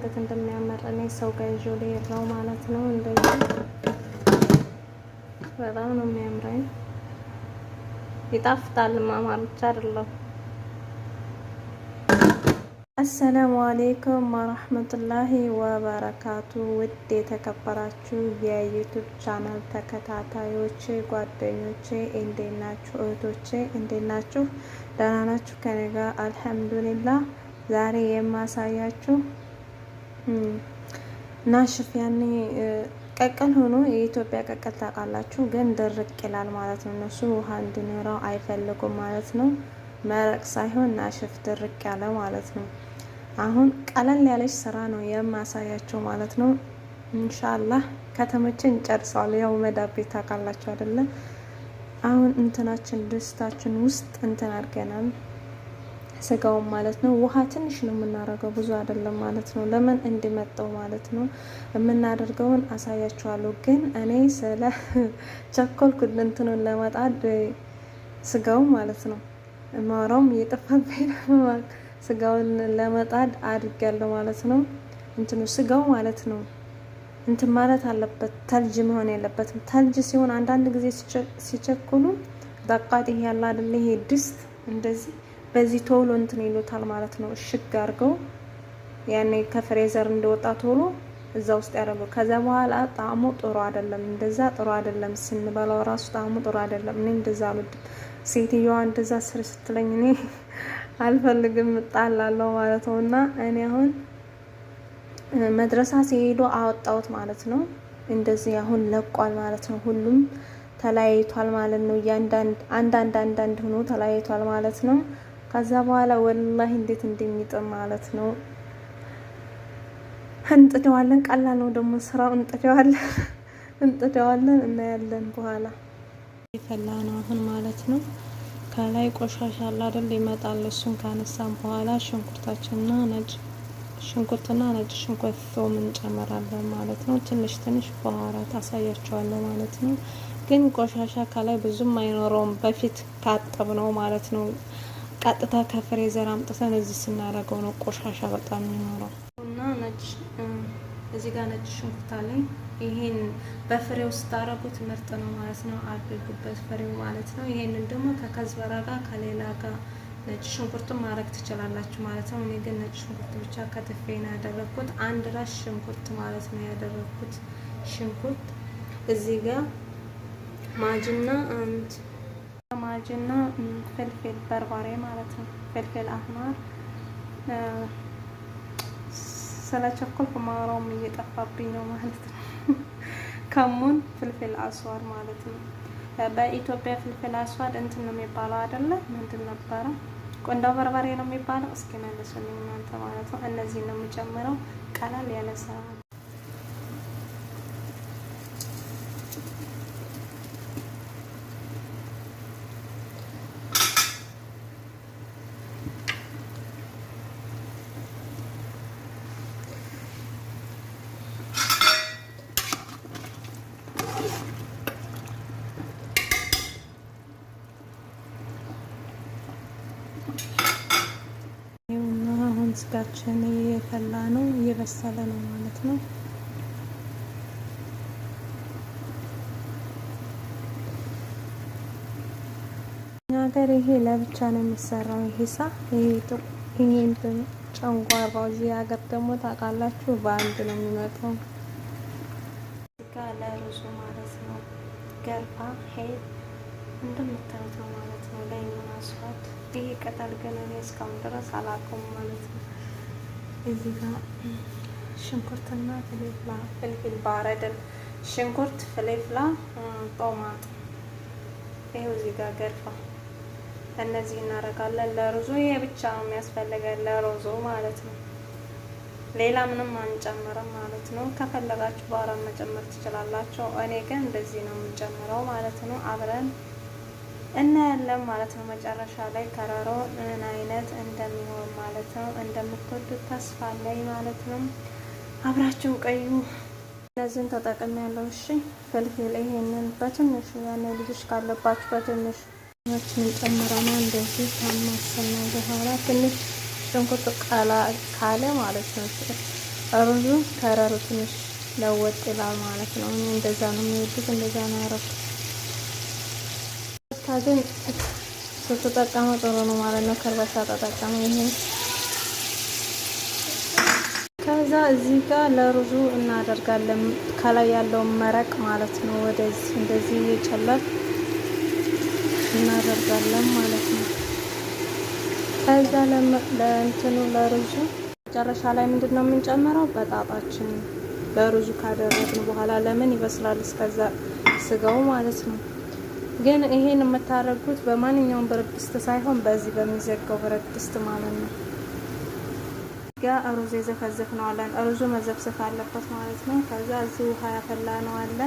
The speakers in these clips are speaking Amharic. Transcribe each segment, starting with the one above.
እንዴት እንደሚያመር እኔ ሰው ጋር ይዞ ልሄድ ነው ማለት ነው። እንደዚህ በጣም ነው የሚያምረኝ። ይጣፍጣል ማማር ብቻ አይደለም። አሰላሙ አሌይኩም ወረህመቱላሂ ወበረካቱ። ውድ የተከበራችሁ የዩቱብ ቻናል ተከታታዮች ጓደኞቼ፣ እንዴት ናችሁ? እህቶቼ እንዴት ናችሁ? ደህና ናችሁ? ከኔ አልሐምዱሊላህ። ዛሬ የማሳያችሁ ናሽፍ ያኔ ቀቀል ሆኖ የኢትዮጵያ ቀቀል ታውቃላችሁ፣ ግን ድርቅ ይላል ማለት ነው። እነሱ ውሃ እንዲኖረው አይፈልጉም ማለት ነው። መረቅ ሳይሆን ናሽፍ ድርቅ ያለ ማለት ነው። አሁን ቀለል ያለች ስራ ነው የማሳያቸው ማለት ነው። እንሻላህ ከተሞችን እንጨርሰዋል። ያው መዳቤ ታውቃላቸው ታውቃላችሁ አሁን እንትናችን ድስታችን ውስጥ እንትን አድርገናል። ስጋውን ማለት ነው። ውሃ ትንሽ ነው የምናረገው፣ ብዙ አይደለም ማለት ነው። ለምን እንዲመጠው ማለት ነው የምናደርገውን አሳያችኋለሁ። ግን እኔ ስለ ቸኮልኩ እንትኑን ለመጣድ ስጋው ማለት ነው ማውራውም የጠፋብኝ ስጋውን ለመጣድ አድርጊያለሁ ማለት ነው። እንትኑ ስጋው ማለት ነው እንትን ማለት አለበት፣ ተልጅ መሆን የለበትም። ተልጅ ሲሆን አንዳንድ ጊዜ ሲቸኩሉ ጣቃጢ ያለ አይደል? ይሄ ድስት እንደዚህ በዚህ ቶሎ እንትን ይሉታል ማለት ነው። እሽግ አድርገው ያኔ ከፍሬዘር እንደወጣ ቶሎ እዛ ውስጥ ያደረገው። ከዛ በኋላ ጣዕሙ ጥሩ አይደለም። እንደዛ ጥሩ አይደለም ስንበላው ራሱ ጣዕሙ ጥሩ አይደለም። እኔ እንደዛ አልወድም። ሴትዮዋ እንደዛ ስር ስትለኝ እኔ አልፈልግም፣ እጣላለሁ ማለት ነው። እና እኔ አሁን መድረሳ ሲሄዱ አወጣሁት ማለት ነው። እንደዚህ አሁን ለቋል ማለት ነው። ሁሉም ተለያይቷል ማለት ነው። እያንዳንድ አንዳንድ አንዳንድ ሆኖ ተለያይቷል ማለት ነው። ከዛ በኋላ ወላሂ እንዴት እንደሚጥም ማለት ነው። እንጥደዋለን። ቀላል ነው ደግሞ ስራው። እንጥደዋለን እንጥደዋለን፣ እናያለን በኋላ። የፈላ ነው አሁን ማለት ነው። ከላይ ቆሻሻ አለ አይደል? ይመጣል። እሱን ካነሳን በኋላ ሽንኩርታችንና ነጭ ሽንኩርትና ነጭ ሽንኩርት ሶም እንጨምራለን ማለት ነው። ትንሽ ትንሽ በኋላ አሳያቸዋለሁ ማለት ነው። ግን ቆሻሻ ከላይ ብዙም አይኖረውም በፊት ካጠብ ነው ማለት ነው። ቀጥታ ከፍሬዘር አምጥተን እዚህ ስናደርገው ነው ቆሻሻ በጣም የሚኖረው እና ነጭ እዚህ ጋር ነጭ ሽንኩርት አለኝ። ይሄን በፍሬው ስታረጉት ምርጥ ነው ማለት ነው። አድርጉበት ፍሬው ማለት ነው። ይሄንን ደግሞ ከከዝበራ ጋር ከሌላ ጋር ነጭ ሽንኩርቱን ማድረግ ትችላላችሁ ማለት ነው። እኔ ግን ነጭ ሽንኩርት ብቻ ከትፌን ነው ያደረግኩት። አንድ ራስ ሽንኩርት ማለት ነው ያደረግኩት። ሽንኩርት እዚህ ጋር ማጅና አንድ አጅ እና ፍልፍል በርበሬ ማለት ነው። ፍልፍል አህማር ስለቸኮልኩ ማውራውም እየጠፋብኝ ነው ማለት ነው። ከሙን ፍልፍል አስዋድ ማለት ነው። በኢትዮጵያ ፍልፍል አስዋድ እንትን ነው የሚባለው አይደለ? ምንድን ነበረ? ቆንዳ በርበሬ ነው የሚባለው። እስኪ መልሱልኝ እናንተ ማለት ነው። እነዚህ ነው የምጨምረው ቀላል ያለ ስራ አሁን ስጋችን እየፈላ ነው፣ እየበሰለ ነው ማለት ነው። ሀገር ይሄ ለብቻ ነው የሚሰራው። ሂሳ ይሄን ጨንጓራው እዚህ ሀገር ደግሞ ታውቃላችሁ በአንድ ነው የሚመጣው። ጋ ለሩሱ ማለት ነው ገርፋ ሄድ እንደምታዩት ነው ማለት ነው። ላይ አስፋት ይሄ ቅጠል ግን እኔ እስካሁን ድረስ አላውቀውም ማለት ነው። እዚህ ጋር ሽንኩርትና ፍሌፍላ ፍልፍል ባረድን ሽንኩርት፣ ፍሌፍላ፣ ጦማጥ ይሄው እዚህ ጋር ገርፋ እነዚህ እናደርጋለን ለሩዙ። ይሄ ብቻ ነው የሚያስፈልገን ለሩዙ ማለት ነው። ሌላ ምንም አንጨምርም ማለት ነው። ከፈለጋችሁ በኋላ መጨመር ትችላላችሁ። እኔ ግን እንደዚህ ነው የምንጨምረው ማለት ነው አብረን እናያለን ማለት ነው። መጨረሻ ላይ ከረሮ ምን አይነት እንደሚሆን ማለት ነው። እንደምትወዱት ተስፋ ላይ ማለት ነው። አብራችሁ ቀዩ እነዚህን ተጠቅም ያለው እሺ፣ ፍልፍል ይሄንን በትንሹ ያነ ልጆች ካለባችሁ በትንሹ ችን ጨምረና እንደዚህ ከማሰና በኋላ ትንሽ ሽንኩርት ቀላ ካለ ማለት ነው ሩዙ ከረሩ ትንሽ ለወጥ ይላል ማለት ነው። እንደዛ ነው የሚወዱት፣ እንደዛ ነው ያረኩት። ግን ስትጠቀሙ ጥሩ ነው ማለት ነው። ከርበሳ ተጠቀሙ። ይሄን ከዛ እዚህ ጋር ለሩዙ እናደርጋለን ከላይ ያለውን መረቅ ማለት ነው። ወደዚህ እንደዚህ እየጨለፍ እናደርጋለን ማለት ነው። ከዛ ለእንትኑ ለሩዙ መጨረሻ ላይ ምንድን ነው የምንጨምረው? በጣጣችን ለሩዙ ካደረግን በኋላ ለምን ይበስላል እስከዛ ስጋው ማለት ነው። ግን ይሄን የምታደርጉት በማንኛውም ብረት ድስት ሳይሆን በዚህ በሚዘጋው ብረት ድስት ማለት ነው። ጋ ሩዝ የዘፈዘፍ ነው አለን። ሩዙ መዘፍዘፍ አለበት ማለት ነው። ከዛ እዚህ ውሃ ያፈላ ነው አለ።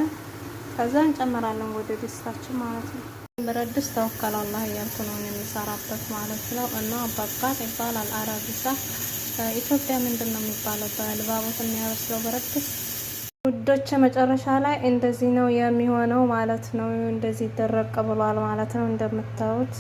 ከዛ እንጨምራለን ወደ ድስታችን ማለት ነው። ብረት ድስት ተወከለውና እያልኩ ነው የሚሰራበት ማለት ነው። እና በቃት ይባላል አረቢሳ ኢትዮጵያ ምንድን ነው የሚባለው? በልባቦት የሚያበስለው ብረት ድስት ውዶች መጨረሻ ላይ እንደዚህ ነው የሚሆነው ማለት ነው። እንደዚህ ይደረቅ ብሏል ማለት ነው እንደምታዩት።